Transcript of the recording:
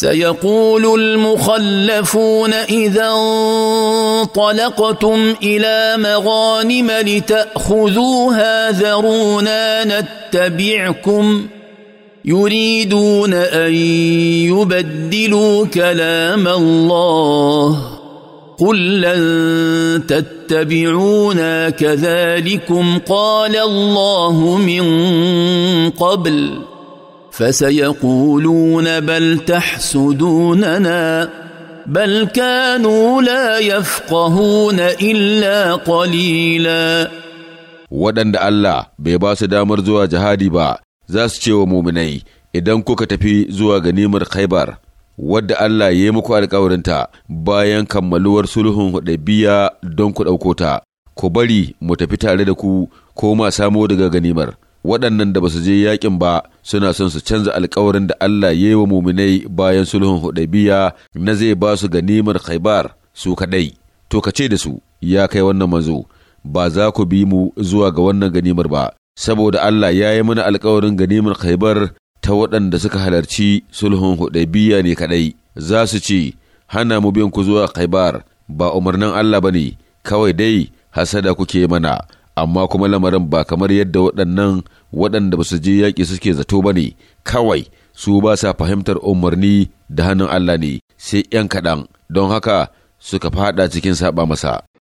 سيقول المخلفون اذا انطلقتم الى مغانم لتاخذوها ذرونا نتبعكم يريدون ان يبدلوا كلام الله قل لن تتبعونا كذلكم قال الله من قبل فسيقولون بل تحسدوننا بل كانوا لا يفقهون إلا قليلا waɗanda Allah bai ba su damar zuwa jihadi ba za su ce wa muminai idan kuka tafi zuwa ganimar khaibar wadda Allah ya yi muku alkawarinta bayan kammaluwar sulhun hudaybiya don ku ɗauko ta ku bari mu tafi tare da ku ko ma samo daga ganimar waɗannan da ba su je yaƙin ba suna son su canza alkawarin da Allah ya yi wa muminai bayan sulhun Hudaybiya na zai ba su ganimar Khaibar su kaɗai. To ka ce da su ya kai wannan manzo ba za ku bi mu zuwa ga wannan ganimar ba saboda Allah ya yi mana alkawarin ganimar Khaibar ta waɗanda suka halarci sulhun Hudaybiya ne kaɗai. Za su ce hana mu biyan ku zuwa Khaibar ba umarnin Allah bane kawai dai hasada kuke mana amma kuma lamarin ba kamar yadda waɗannan waɗanda ba su je yaƙi suke zato ba ne kawai su ba sa fahimtar umarni da hannun Allah ne sai ‘yan kaɗan don haka suka faɗa cikin saɓa masa.